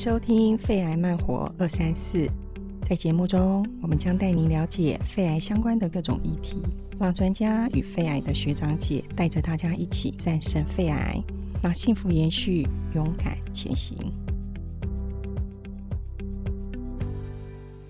收聽肺癌慢活二三四，在節目中，我們將帶您了解肺癌相關的各種議題，讓專家與肺癌的學長姐帶着大家一起戰勝肺癌，讓幸福延續，勇敢前行。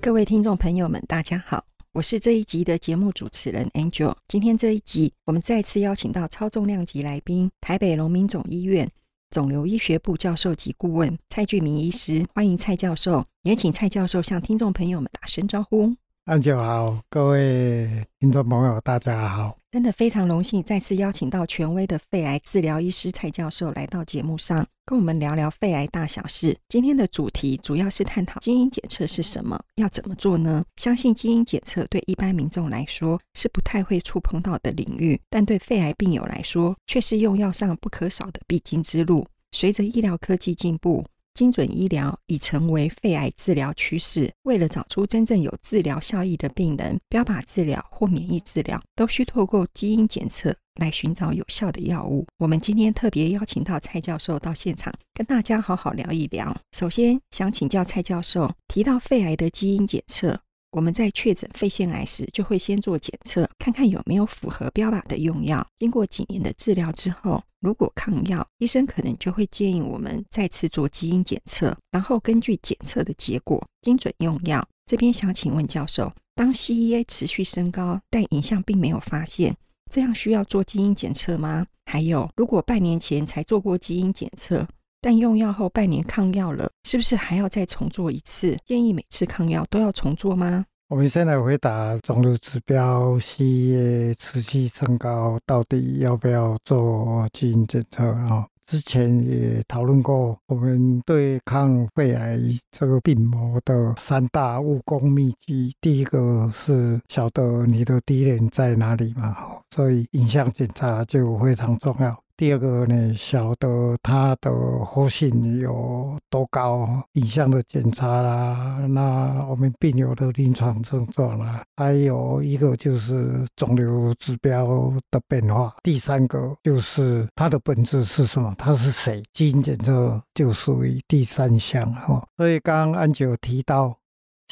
各位聽眾朋友們，大家好，我是這一集的節目主持人 Angel。今天這一集，我們再次邀請到超重量級來賓——台北榮民總醫院。腫瘤醫學部教授級顧問蔡俊明醫師，歡迎蔡教授，也請蔡教授向聽眾朋友們打聲招呼。Angel 好，各位聽眾朋友，大家好！真的非常榮幸再次邀請到權威的肺癌治療醫師蔡教授來到節目上。跟我們聊聊肺癌大小事。今天的主題主要是探討基因檢測是什麼，要怎麼做呢？相信基因檢測對一般民眾來說是不太會觸碰到的領域，但對肺癌病友來說卻是用藥上不可少的必經之路。隨着醫療科技進步，精準醫療已成為肺癌治療趨勢。為了找出真正有治療效益的病人，標靶治療或免疫治療都需透過基因檢測來尋找有效的藥物。我們今天特別邀請到蔡教授到現場，跟大家好好聊一聊。首先，想請教蔡教授，提到肺癌的基因檢測。我們在確診肺腺癌時，就會先做檢測，看看有沒有符合標靶的用藥。經過幾年的治療之後，如果抗藥，醫生可能就會建議我們再次做基因檢測，然後根據檢測的結果，精準用藥。這邊想請問教授，當 CEA 持續升高，但影像並沒有發現，這樣需要做基因檢測嗎？還有，如果半年前才做過基因檢測，但用藥後半年抗藥了，是不是還要再重做一次？建議每次抗藥都要重做嗎？我們先來回答腫瘤指標血液持續升高，到底要不要做基因檢測？哦、之前也討論過，我們對抗肺癌這個病魔的三大武功秘籍，第一個是曉得你的敵人在哪裡嘛，所以影像檢查就非常重要。第二個呢，曉得它的活性有多高，影像的檢查啦，那我們病友的臨床症狀啦、啊，還有一個就是腫瘤指標的變化。第三個就是它的本質是什麼？它是誰？基因檢測就屬於第三項哈、哦。所以剛剛 Angel 提到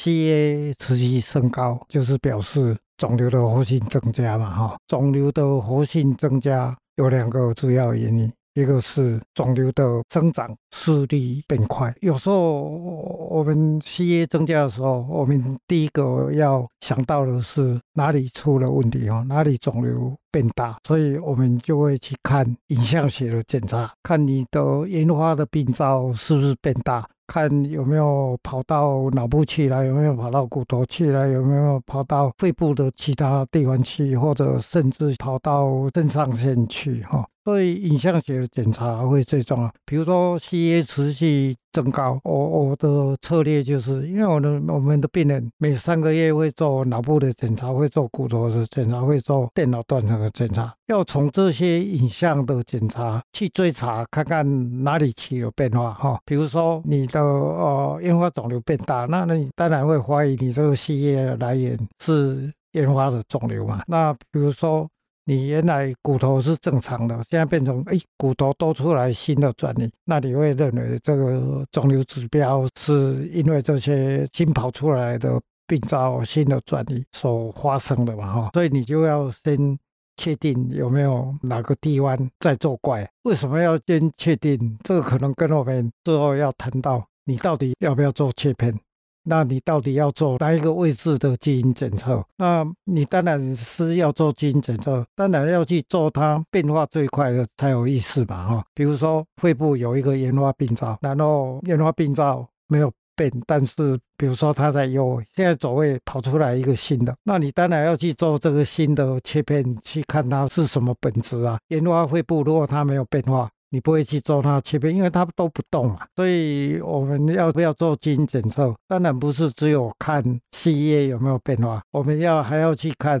，CA、AH、持續升高就是表示腫瘤的活性增加嘛哈、哦？腫瘤的活性增加。有兩個主要原因，一個是腫瘤的增長速率變快。有時候我們 CEA 增加的時候，我們第一個要想到的是哪裡出了問題，哪裡腫瘤變大，所以我們就會去看影像學的檢查，看你的原發的病灶是不是變大。看有沒有跑到腦部去了，有沒有跑到骨頭去了，有沒有跑到肺部的其他地方去，或者甚至跑到腎上腺去，哈。所以影像學的檢查會最重要，比如說 CA 持續增高，我我的策略就是，因為我的我們的病人每三個月會做腦部的檢查，會做骨頭的檢查，會做電腦斷層的檢查，要從這些影像的檢查去追查，看看哪裡起了變化哈。比如說你的呃原發腫瘤變大，那你當然會懷疑你這個 CA 來源是原發的腫瘤嘛。那比如說。你原來骨頭是正常的，現在變成哎骨頭多出來新的轉移，那你會認為這個腫瘤指標是因為這些新跑出來的病灶，新的轉移所發生的嘛？哈，所以你就要先確定有沒有哪個地方在作怪。為什麼要先確定？這個可能跟我們之後要談到你到底要不要做切片。那你到底要做哪一個位置的基因檢測？那你當然是要做基因檢測，當然要去做它變化最快的才有意思吧？哈，比如說肺部有一個原發病灶，然後原發病灶沒有變，但是比如說它在右，現在左位跑出來一個新的，那你當然要去做這個新的切片去看它是什麼本質啊。原發肺部如果它沒有變化。你不會去做它切片，因為它都不動啊。所以我們要不要做基因檢測？當然不是只有看血液有沒有變化，我們要還要去看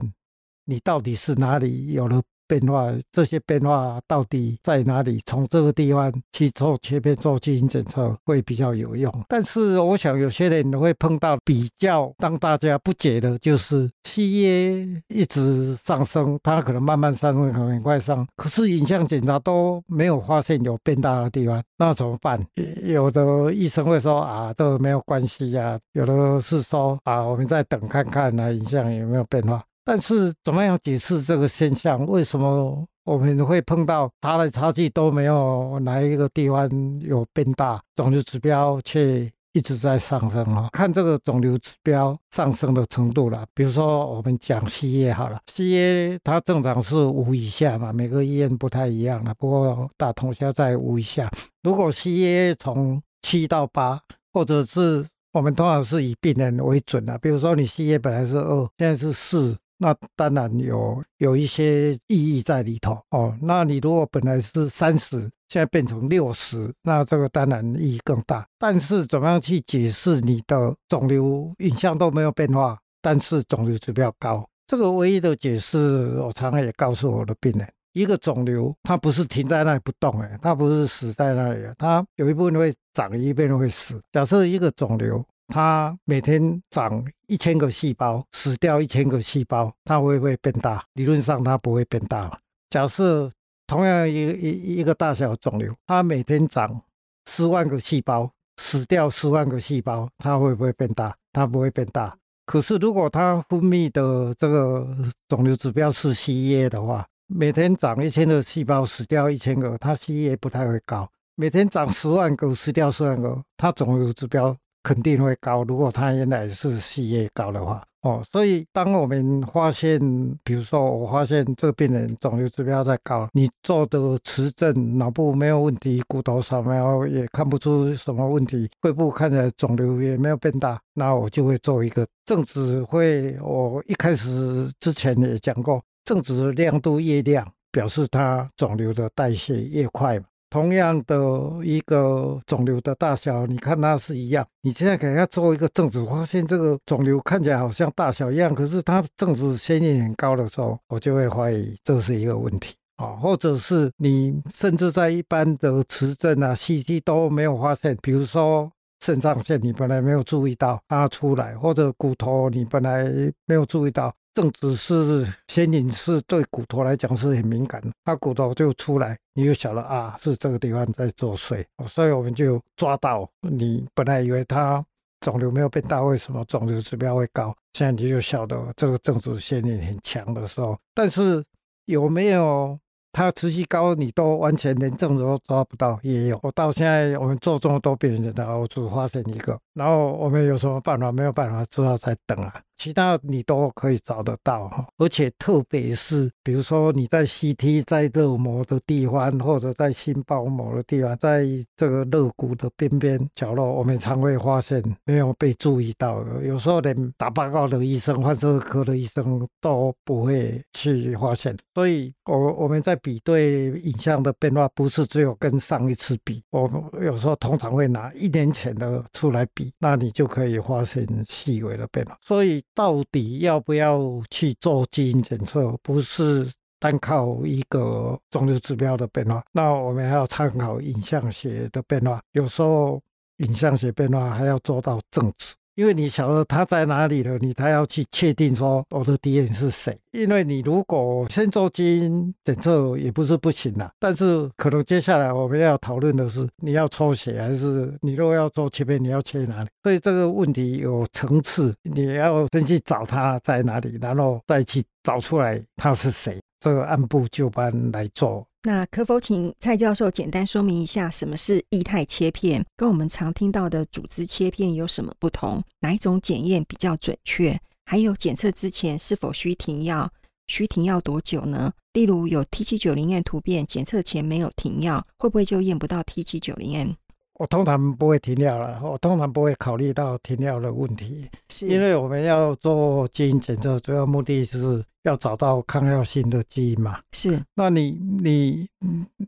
你到底是哪裡有了。變化，這些變化到底在哪裡？從這個地方去做切片，做基因檢測會比較有用。但是我想有些人會碰到比較讓大家不解的就是，CA 一直上升，它可能慢慢上升，可能很快上，可是影像檢查都沒有發現有變大的地方，那怎麼辦？有的醫生會說啊，這個沒有關係啊；有的是說啊，我們再等看看呢，啊，影像有沒有變化。但是怎麼樣解釋這個現象？為什麼我們會碰到它的差距都沒有哪一個地方有變大，腫瘤指標卻一直在上升、啊？哦，看這個腫瘤指標上升的程度了。比如說我們講 C A 好了，C A 它正常是五以下嘛，每個醫院不太一樣了。不過大同小異，在五以下，如果 C A 從七到八，或者是我們通常是以病人為準啊。比如說你 C A 本來是二，現在是四。那當然有有一些意義在裡頭哦。那你如果本來是三十，現在變成六十，那這個當然意義更大。但是怎麼樣去解釋你的腫瘤影像都沒有變化，但是腫瘤指標高？這個唯一的解釋，我常常也告訴我的病人：一個腫瘤它不是停在那裡不動哎，它不是死在那裡，它有一部分會長，一部分會死。假設一個腫瘤。它每天長一千個細胞，死掉一千個細胞，它會不會變大？理論上它不會變大。假設同樣一一一個大小腫瘤，它每天長十萬個細胞，死掉十萬個細胞，它會不會變大？它不會變大。可是如果它分泌的這個腫瘤指標是 CEA 的話，每天長一千個細胞，死掉一千個，它 CEA 不太會高。每天長十萬個，死掉十萬個，它腫瘤指標，肯定會高，如果他原來是血液高的話，哦，所以當我們發現，比如說我發現這個病人腫瘤指標在高，你做的磁振腦部沒有問題，骨頭掃描也看不出什麼問題，肺部看起來腫瘤也沒有變大，那我就會做一個正子會，我一開始之前也講過，正子亮度越亮，表示它腫瘤的代謝越快。同樣的一個腫瘤的大小，你看它是一樣。你現在給他做一個正子，發現這個腫瘤看起來好像大小一樣，可是它正子線性很高的時候，我就會懷疑這是一個問題啊、哦。或者是你甚至在一般的磁振啊、CT 都沒有發現，比如說腎上腺，你本來沒有注意到它出來，或者骨頭你本來沒有注意到。正治是先影，是對骨頭來講是很敏感的，它骨頭就出來，你就曉得啊，是這個地方在作祟，所以我們就抓到。你本來以為它腫瘤沒有變大，為什麼腫瘤指標會高？現在你就曉得這個正子顯影很強的時候。但是有沒有它持續高，你都完全連正子都抓不到，也有。我到現在我們做這麼多病人，然後我只發現一個，然後我們有什麼辦法？沒有辦法，知道在等啊。其他你都可以找得到哈，而且特別是比如說你在 CT 在肋膜的地方，或者在心包膜的地方，在這個肋骨的邊邊角落，我們常會發現沒有被注意到的，有時候連打報告的醫生，放射科的醫生都不會去發現。所以，我我們在比對影像的變化，不是只有跟上一次比，我們有時候通常會拿一年前的出來比，那你就可以發現細微的變化。所以。到底要不要去做基因檢測？不是單靠一個腫瘤指標的變化，那我們還要參考影像學的變化。有時候影像學變化還要做到證實。因為你曉得他在哪裡了，你才要去確定說我的敵人是誰。因為你如果先做基因檢測也不是不行了，啊、但是可能接下來我們要討論的是你要抽血還是你如果要做切片你要切哪裡？所以這個問題有層次，你要先去找他在哪裡，然後再去找出來他是誰，這個按部就班來做。那可否請蔡教授簡單說明一下，什麼是液態切片，跟我們常聽到的組織切片有什麼不同？哪一種檢驗比較準確？還有檢測之前是否需停藥？需停藥多久呢？例如有 T790M 突變，檢測前沒有停藥，會不會就驗不到 T790M？我通常不會停藥了，我通常不會考慮到停藥的問題，是，因為我們要做基因檢測，主要目的是。要找到抗藥性的基因嘛？是，那你你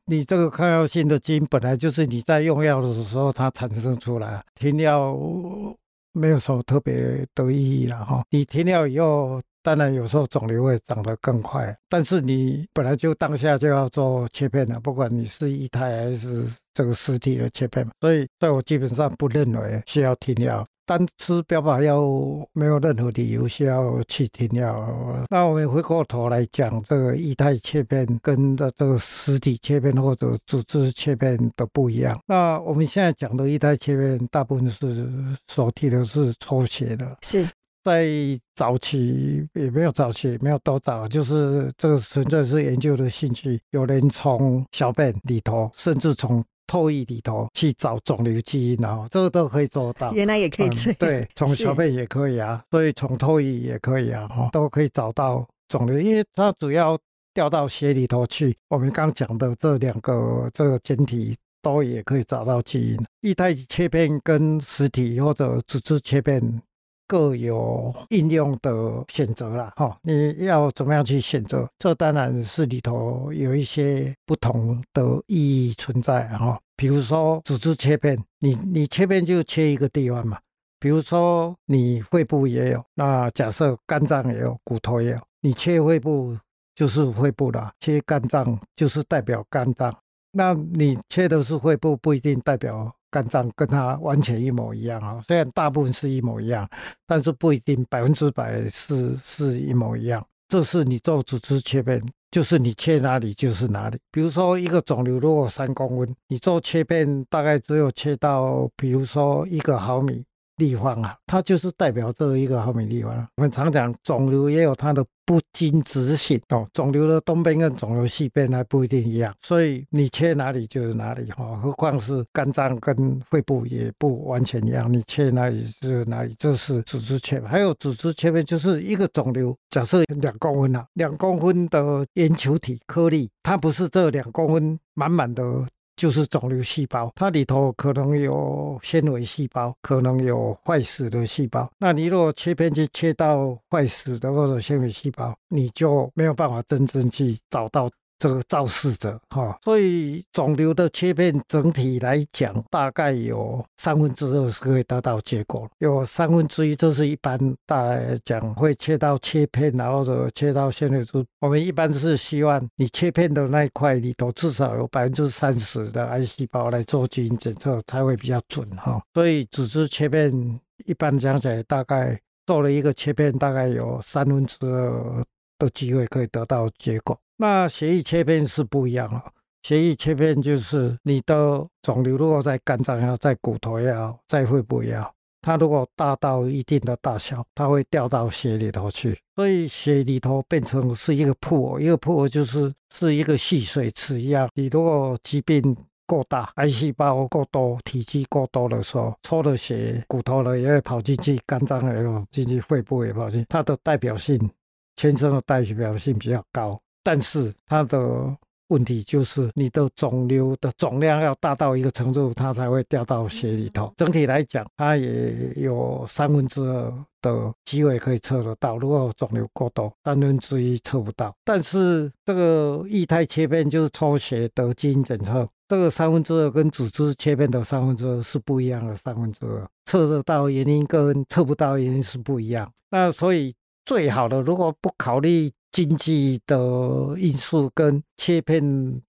你這個抗藥性的基因本來就是你在用藥的時候它產生出來，停藥沒有什麼特別的意義了哈。你停藥以後，當然有時候腫瘤會長得更快，但是你本來就當下就要做切片了，不管你是液態還是這個實體的切片，所以對我基本上不認為需要停藥。單吃標靶藥沒有任何理由需要去停藥。那我們回過頭來講，這個液態切片跟這這個實體切片或者組織切片都不一樣。那我們現在講的液態切片，大部分是所提的是抽血的。是，在早期也沒有早期，沒有多早，就是這個純粹是研究的興趣。有人從小便裡頭，甚至從唾液裡頭去找腫瘤基因呢、啊，這個、都可以做到。原來也可以做、嗯。對，從小便也可以啊，是所以從唾液也可以啊，都可以找到腫瘤，因為它主要掉到血裡頭去。我們剛講的這兩個這個檢體都也可以找到基因。液態切片跟實體或者組織切片。各有應用的選擇了哈、哦，你要怎麼樣去選擇？這當然是裡頭有一些不同的意義存在哈、哦。比如說組織切片，你你切片就切一個地方嘛。比如說你肺部也有，那假設肝臟也有，骨頭也有，你切肺部就是肺部啦。切肝臟就是代表肝臟。那你切的是肺部，不一定代表。肝臟跟它完全一模一樣啊，雖然大部分是一模一樣，但是不一定百分之百是是一模一樣。這是你做組織切片，就是你切哪裡就是哪裡。比如說一個腫瘤如果三公分，你做切片大概只有切到，比如說一個毫米地方啊，它就是代表這一個毫米地方。我們常講，腫瘤也有它的不均質性哦，腫瘤的東邊跟腫瘤西邊還不一定一樣，所以你切哪裡就是哪裡哈、哦。何況是肝臟跟肺部也不完全一樣，你切哪裡就是哪裡，這、就是組織切片。還有組織切片就是一個腫瘤，假設兩公分啊，兩公分的圓球體顆粒，它不是這兩公分滿滿的。就是腫瘤細胞，它裡頭可能有纖維細胞，可能有壞死的細胞。那你如果切片去切到壞死的或者纖維細胞，你就沒有辦法真正去找到。這個肇事者，哈、哦，所以腫瘤的切片整體來講，大概有三分之二是可以得到結果，有三分之一就是一般大來講會切到切片，然後切到現在是我們一般是希望你切片的那一塊，裡頭至少有百分之三十的癌細胞來做基因檢測才會比較準哈、哦。所以組織切片一般講起來，大概做了一個切片，大概有三分之二的機會可以得到結果。那血液切片是不一樣了。血液切片就是你的腫瘤，如果在肝臟要在骨頭也好，在肺部也好，它如果大到一定的大小，它會掉到血裡頭去。所以血裡頭變成是一個 pool，一個 pool 就是是一個蓄水池一樣。你如果疾病過大，癌細胞過多，體積過多的時候，抽了血，骨頭呢也會跑進去肝，肝臟也會跑進去，肺部也跑進去。它的代表性全身的代表性比較高。但是它的問題就是，你的腫瘤的總量要達到一個程度，它才會掉到血裡頭。整體來講，它也有三分之二的機會可以測得到。如果腫瘤過多，三分之一測不到。但是這個液態切片就是抽血的基因檢測，這個三分之二跟組織切片的三分之二是不一樣的，三分之二測得到，原因跟測不到原因是不一樣。那所以最好的，如果不考慮。經濟的因素跟切片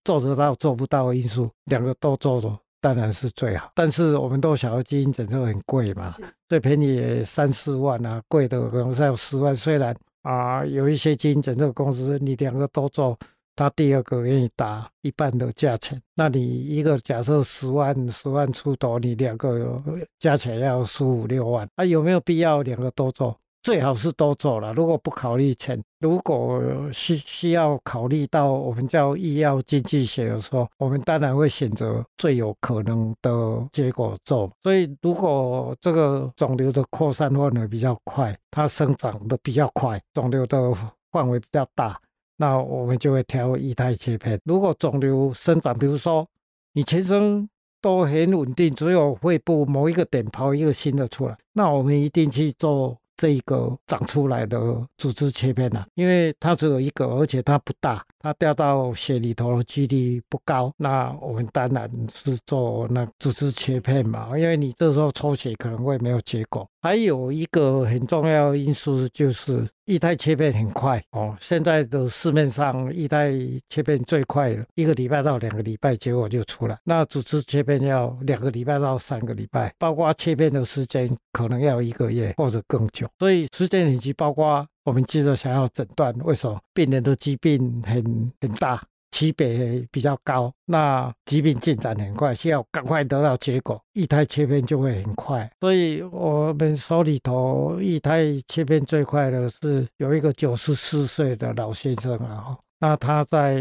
做得到做不到的因素，兩個都做的當然是最好。但是我們都曉得基因檢測很貴嘛，最是便宜也三四萬啊，貴的可能是要十萬。雖然啊、呃，有一些基因檢測公司你兩個都做，他第二個願意打一半的價錢，那你一個假設十萬，十萬出頭，你兩個加起來要十五六萬，那、啊、有沒有必要兩個都做？最好是都做了。如果不考慮錢，如果需需要考慮到我們叫醫藥經濟學的時候，我們當然會選擇最有可能的結果做。所以，如果這個腫瘤的擴散範圍比較快，它生長得比較快，腫瘤的範圍比較大，那我們就會挑液態切片。如果腫瘤生長，比如說你全身都很穩定，只有肺部某一個點刨一個新的出來，那我們一定去做。這一個長出來的組織切片啊，因為它只有一個，而且它不大，它掉到血裡頭的幾率不高。那我們當然是做那組織切片嘛，因為你這時候抽血可能會沒有結果。還有一個很重要因素就是。液態切片很快哦，現在的市面上液態切片最快一個禮拜到兩個禮拜，結果就出來。那組織切片要兩個禮拜到三個禮拜，包括切片的時間可能要一個月或者更久，所以時間以及包括我們接着想要診斷，為什麼病人的疾病很很大？期別比較高，那疾病進展很快，需要趕快得到結果。液態切片就會很快，所以我們手裡頭液態切片最快的是有一個九十四歲的老先生啊，那他在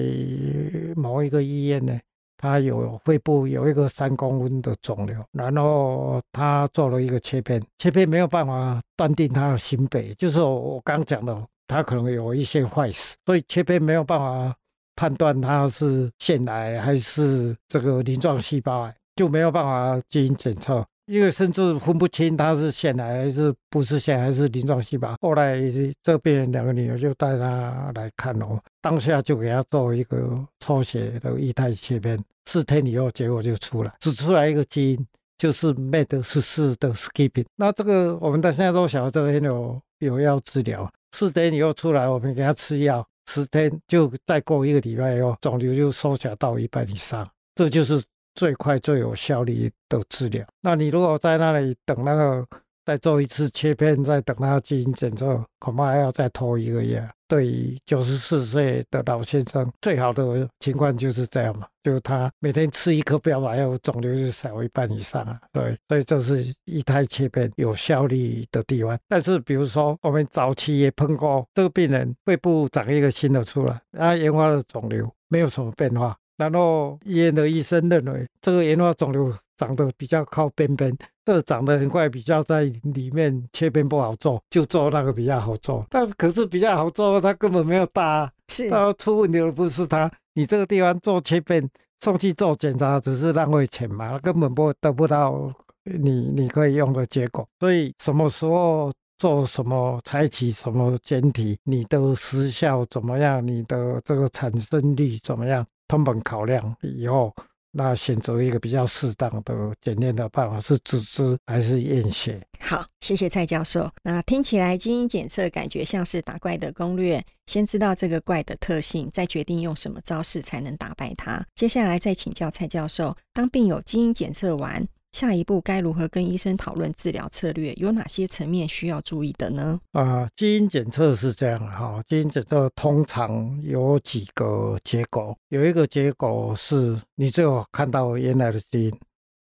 某一個醫院呢，他有肺部有一個三公分的腫瘤，然後他做了一個切片，切片沒有辦法斷定他的型別，就是我剛講的，他可能有一些壞死，所以切片沒有辦法。判斷它是腺癌還是這個鱗狀細胞癌就沒有辦法進行檢測，因為甚至分不清它是腺癌還是不是腺癌，還是鱗狀細胞。後來這邊兩個女兒就帶他來看嘍，當下就給他做一個抽血的液態切片，四天以後結果就出來，只出來一個基因，就是 MET 14的 skipping。那這個我們到現在都曉得這邊有有藥治療，四天以後出來，我們給他吃藥。十天就再過一個禮拜哦，腫瘤就縮小到一半以上，這就是最快最有效率的治療。那你如果在那裡等那個。再做一次切片，再等他進行檢測，恐怕還要再拖一個月啊。對於九十四歲的老先生，最好的情況就是這樣嘛，就是他每天吃一顆標靶藥，腫瘤就少一半以上啊。對，所以這是液態切片有效率的地方。但是，比如說我們早期也碰過這個病人，肺部長一個新的出來，他原發的腫瘤沒有什麼變化，然後醫院的醫生認為這個原發腫瘤長得比較靠邊邊。這長得很快，比較在裡面切片不好做，就做那個比較好做。但可是比較好做，它根本沒有大、啊。是它、啊、出問題的不是它。你這個地方做切片，送去做檢查，只是浪費錢嘛，根本不得不到你你可以用的結果。所以什麼時候做什麼起，採取什麼檢體，你的時效怎麼樣，你的這個產生率怎麼樣，通盤考量以後。那選擇一個比較適當的檢驗的辦法是組織還是驗血？好，謝謝蔡教授。那聽起來基因檢測感覺像是打怪的攻略，先知道這個怪的特性，再決定用什麼招式才能打敗它。接下來再請教蔡教授，當病友基因檢測完，下一步該如何跟醫生討論治療策略？有哪些層面需要注意的呢？啊，基因檢測是這樣哈，基因檢測通常有幾個結果，有一個結果是你只有看到原來的基因，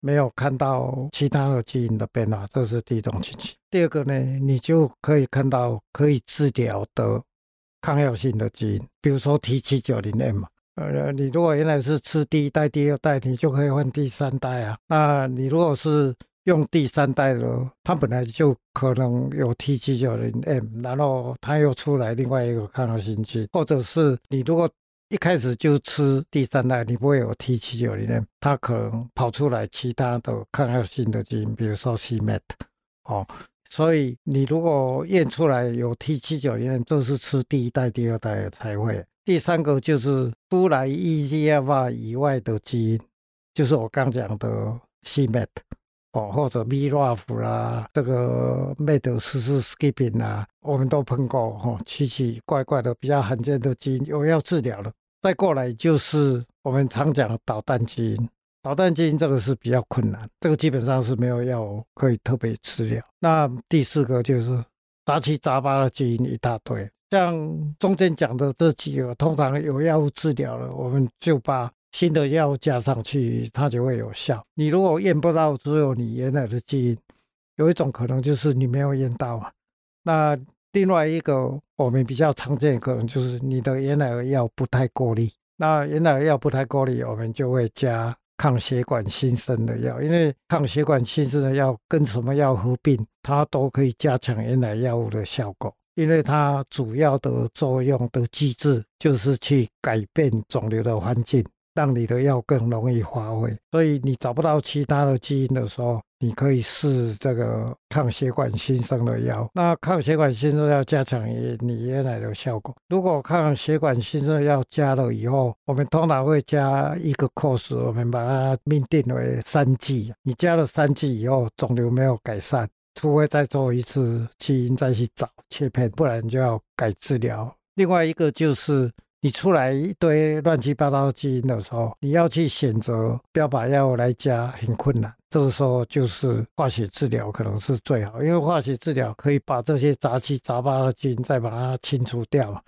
沒有看到其他的基因的變化，這是第一種情形。第二個呢，你就可以看到可以治療的抗藥性的基因，比如說 T790M 呃、嗯，你如果原來是吃第一代、第二代，你就可以換第三代啊。那你如果是用第三代的，它本來就可能有 T790M，然後它又出來另外一個抗藥性基因，或者是你如果一開始就吃第三代，你不會有 T790M，它可能跑出來其他的抗藥性的基因，比如說 Cmet 哦。所以你如果驗出來有 T790M，就是吃第一代、第二代的才會。第三個就是不來 E G F R 以外的基因，就是我剛講的 C met 哦，或者 m i R F 啦，這個 MET 十四 skipping 啊，我們都碰過、哦、奇奇怪怪的比較罕見的基因，有要治療了。再過來就是我們常講的導彈基因，導彈基因這個是比較困難，這個基本上是沒有藥可以特別治療。那第四個就是雜七雜八的基因一大堆。像中間講的這幾個，通常有藥物治療了，我們就把新的藥物加上去，它就會有效。你如果驗不到只有你原來的基因，有一種可能就是你沒有驗到啊。那另外一個我們比較常見的可能就是你的原來的藥不太夠力。那原來的藥不太夠力，我們就會加抗血管新生的藥，因為抗血管新生的藥跟什麼藥合併，它都可以加強原來藥物的效果。因為它主要的作用的機制，就是去改變腫瘤的環境，讓你的藥更容易發揮。所以你找不到其他的基因的時候，你可以試這個抗血管新生的藥。那抗血管新生藥加強你原來的效果。如果抗血管新生藥加了以後，我們通常會加一個 cos，我們把它命定為三劑。你加了三劑以後，腫瘤沒有改善，除非再做一次基因再去找切片，不然就要改治療。另外一個就是，你出來一堆亂七八糟基因的時候，你要去選擇標靶藥物來加很困難。這個時候就是化學治療可能是最好，因為化學治療可以把這些雜七雜八的基因再把它清除掉。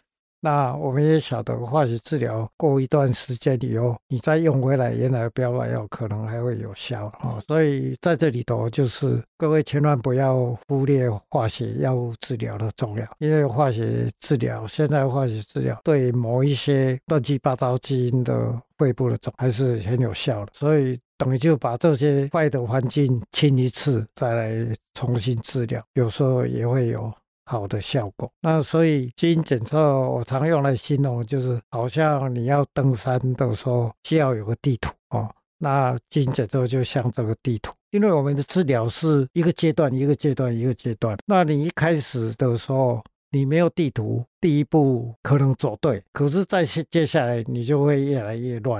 那我們也曉得，化學治療過一段時間以後，你再用回來原來的標靶藥，可能還會有效哦。所以在這裡頭，就是各位千萬不要忽略化學藥物治療的重要，因為化學治療現在化學治療對某一些亂七八糟基因的肺部的腫，還是很有效的。所以等於就把這些壞的環境清一次，再來重新治療，有時候也會有好的效果，那所以基因檢測我常用來形容，就是好像你要登山的時候，需要有個地圖哦，那基因檢測就像這個地圖，因為我們的治療是一個階段一個階段一個階段。那你一開始的時候，你沒有地圖，第一步可能走對，可是再接下來你就會越來越亂，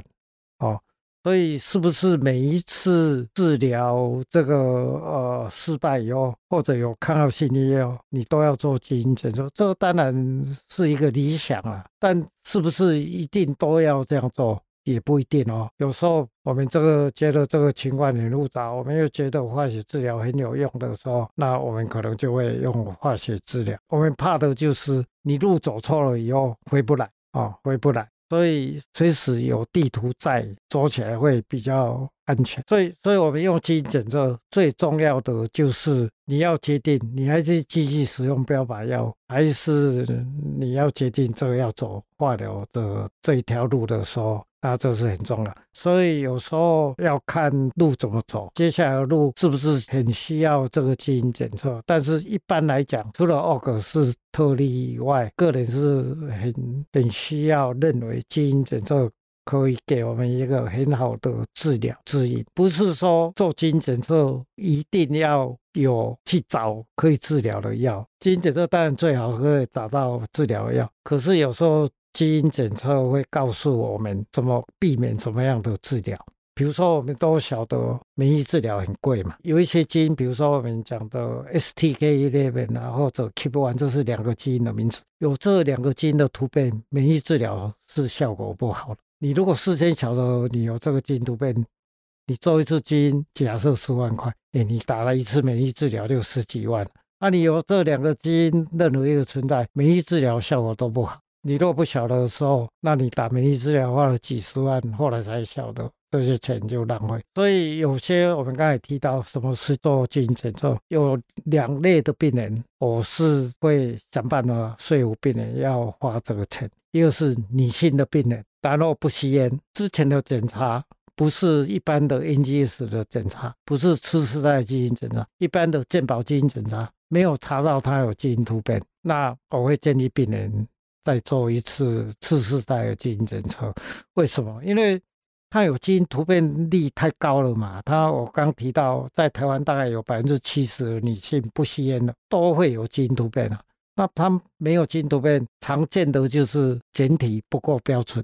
哦。所以，是不是每一次治療這個呃失敗以後，或者有抗藥性的時候，你都要做基因檢測？這當然是一個理想了，啊，但是不是一定都要這樣做？也不一定哦。有時候我們這個覺得這個情況很複雜，我們又覺得化學治療很有用的時候，那我們可能就會用化學治療。我們怕的就是你路走錯了以後回不來啊，回不來。哦所以，隨時有地圖在，走起來會比較安全。所以，所以我們用基因檢測最重要的就是你要決定，你還是繼續使用標靶藥，還是你要決定這個要走化療的這一條路的時候。啊，這是很重要，所以有時候要看路怎麼走，接下來的路是不是很需要這個基因檢測。但是一般來講，除了澳 g 是特例以外，個人是很很需要認為基因檢測可以給我們一個很好的治療指引。不是說做基因檢測一定要有去找可以治療的藥，基因檢測當然最好可以找到治療藥，可是有時候。基因檢測會告訴我們怎麼避免什麼樣的治療。比如說，我們都曉得免疫治療很貴嘛。有一些基因，比如說我們講的 STK11 啊，或者 KEAP1，這是兩個基因的名字。有這兩個基因的突變，免疫治療是效果不好的。你如果事先曉得你有這個基因突變，你做一次基因，假設十萬塊，誒，你打了一次免疫治療就十幾萬。那、啊、你有這兩個基因任何一個存在，免疫治療效果都不好。你若不曉得的時候，那你打免疫治，治療花了幾十萬，後來才曉得這些錢就浪費。所以有些我們剛才提到什麼是做基因檢測，有兩類的病人，我是會想辦法說服病人要花這個錢。一個是女性的病人，但若不吸煙，之前的檢查不是一般的 NGS 的檢查，不是次世代基因檢查，一般的健保基因檢查沒有查到他有基因突變，那我會建議病人，再做一次次世代的基因檢測，為什麼？因為他有基因突變率太高了嘛。他我剛提到，在台灣大概有百分之七十的女性不吸煙的都會有基因突變的。那他沒有基因突變，常見的就是整體不夠標準，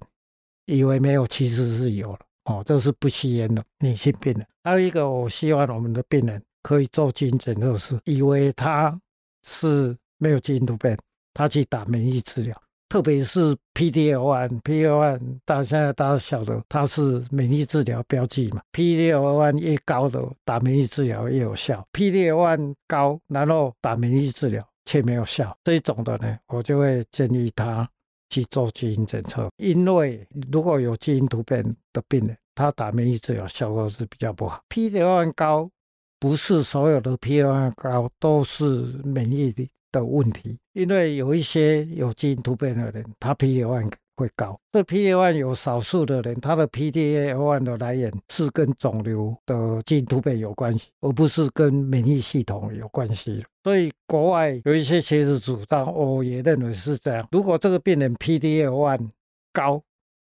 以為沒有其實是有了哦，這是不吸煙的女性病人。還有一個，我希望我們的病人可以做基因檢測是，以為他是沒有基因突變，他去打免疫治療。特別是 PD-L1，PD-L1，大家大家曉得它是免疫治療標記嘛？PD-L1 越高的打免疫治療越有效，PD-L1 高，然後打免疫治療卻沒有效，這一種的呢，我就會建議他去做基因檢測，因為如果有基因突變的病人，他打免疫治療效果是比較不好。PD-L1 高，不是所有的 PD-L1 高都是免疫的。的問題，因為有一些有基因突變的人，他 PDL1 會高。這 PDL1 有少數的人，他的 PDL1 的來源是跟腫瘤的基因突變有關係，而不是跟免疫系統有關係。所以國外有一些學者主張，哦，我也認為是這樣。如果這個病人 PDL1 高，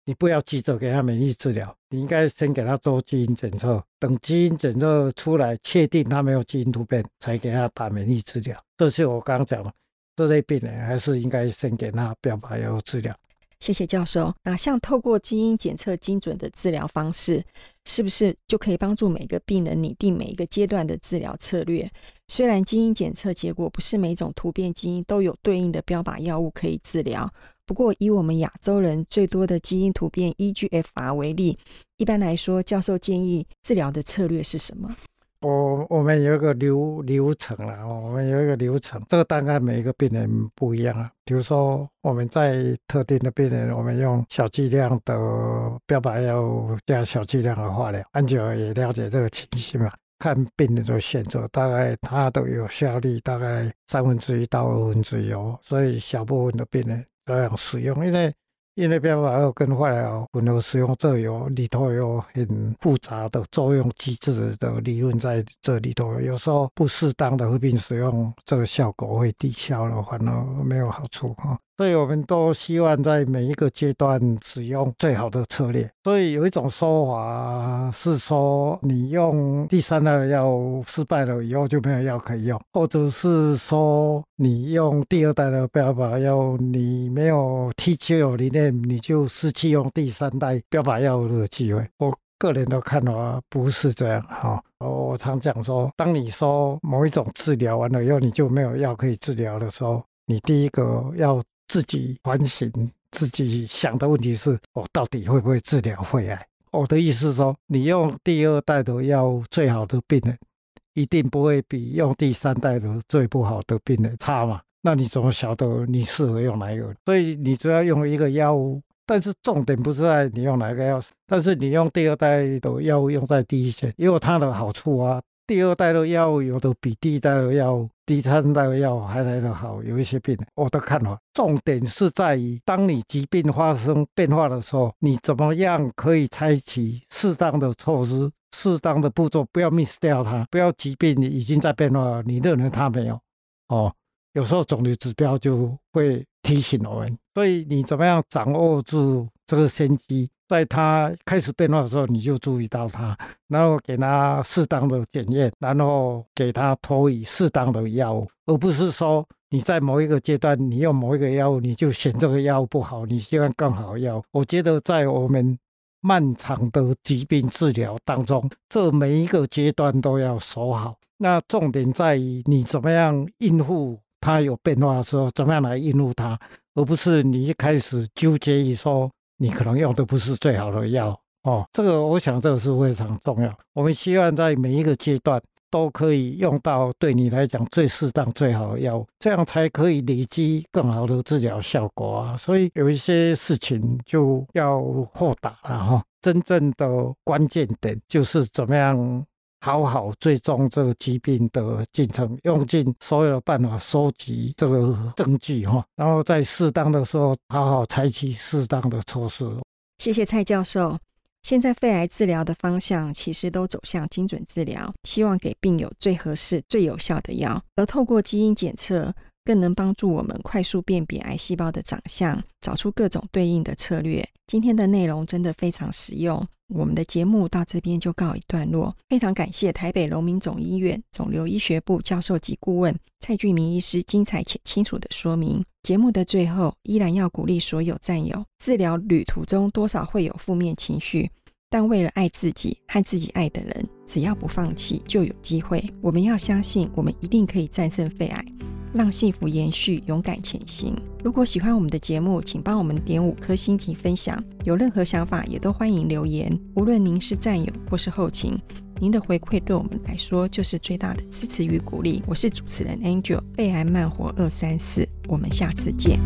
你不要急着給他免疫治療，你應該先給他做基因檢測，等基因檢測出來確定他沒有基因突變，才給他打免疫治療。這是我剛剛講的，這類病人還是應該先給他標靶藥物治療。謝謝教授。那像透過基因檢測精準的治療方式，是不是就可以幫助每個病人擬定每一個階段的治療策略？雖然基因檢測結果不是每種突變基因都有對應的標靶藥物可以治療。不過，以我們亞洲人最多的基因突變 EGFR 為例，一般來說，教授建議治療的策略是什麼？我我們有一個流流程啦、啊，我們有一個流程，這個大概每一個病人不一樣啊。比如說，我們在特定的病人，我們用小劑量的標靶藥加小劑量的化療。Angel 也了解這個情形嘛？看病人的選擇，大概他都有效率大概三分之一到二分之一哦，所以小部分的病人，這樣使用，因為因為標靶藥跟化療混合使用，這有裡頭有很複雜的作用機制的理論在這裡頭有，有時候不適當的合併使用，這個效果會抵消了，反而沒有好處哈。所以我們都希望在每一個階段使用最好的策略。所以有一種說法是說，你用第三代的藥失敗了以後就沒有藥可以用，或者是說你用第二代的標靶藥，你沒有 T790M，你就失去用第三代標靶藥的機會。我個人的看法不是這樣哈。我常講說，當你說某一種治療完了以後，你就沒有藥可以治療的時候，你第一個要。自己反省，自己想的問題是：我、哦、到底會不會治療肺癌？我的意思說，你用第二代的藥物，最好的病人一定不會比用第三代的最不好的病人差嘛？那你怎麼曉得你適合用哪一個？所以你只要用一個藥物，但是重點不是在你用哪個藥物，但是你用第二代的藥物用在第一線，也有它的好處啊。第二代的藥有的比第一代的藥、第三代的藥還來得好，有一些病人，我的看法。重點是在於，當你疾病發生變化的時候，你怎麼樣可以採取適當的措施、適當的步驟，不要 miss 掉它，不要疾病已經在變化了，你認為它沒有？哦，有時候腫瘤指標就會提醒我們，所以你怎麼樣掌握住這個先機？在他開始變化的時候，你就注意到他，然後給他適當的檢驗，然後給他投以適當的藥物，而不是說你在某一個階段，你用某一個藥物，你就嫌這個藥物不好，你希望更好的藥。我覺得在我們漫長的疾病治療當中，這每一個階段都要守好。那重點在於你怎麼樣應付他有變化的時候，怎麼樣來應付他，而不是你一開始糾結於說，你可能用的不是最好的藥哦，這個我想這個是非常重要。我們希望在每一個階段都可以用到對你來講最適當、最好的藥，這樣才可以累積更好的治療效果啊。所以有一些事情就要豁達了哈，真正的關鍵點就是怎麼樣。好好追蹤這個疾病的進程，用盡所有的辦法收集這個證據哈，然後在適當的時候好好採取適當的措施。謝謝蔡教授。現在肺癌治療的方向其實都走向精準治療，希望給病友最合適、最有效的藥。而透過基因檢測，更能幫助我們快速辨別癌細胞的長相，找出各種對應的策略。今天的內容真的非常實用。我們的節目到這邊就告一段落，非常感謝台北榮民總醫院腫瘤醫學部教授級顧問蔡俊明醫師精彩且清楚的說明。節目的最後，依然要鼓勵所有戰友，治療旅途中多少會有負面情緒，但為了愛自己和自己愛的人，只要不放棄，就有機會。我們要相信，我們一定可以戰勝肺癌。讓幸福延續，勇敢前行。如果喜歡我們的節目，請幫我們點五顆星及分享。有任何想法，也都歡迎留言。無論您是戰友或是後勤，您的回饋對我們來說就是最大的支持與鼓勵。我是主持人 Angel，肺癌慢活二三四，我們下次見。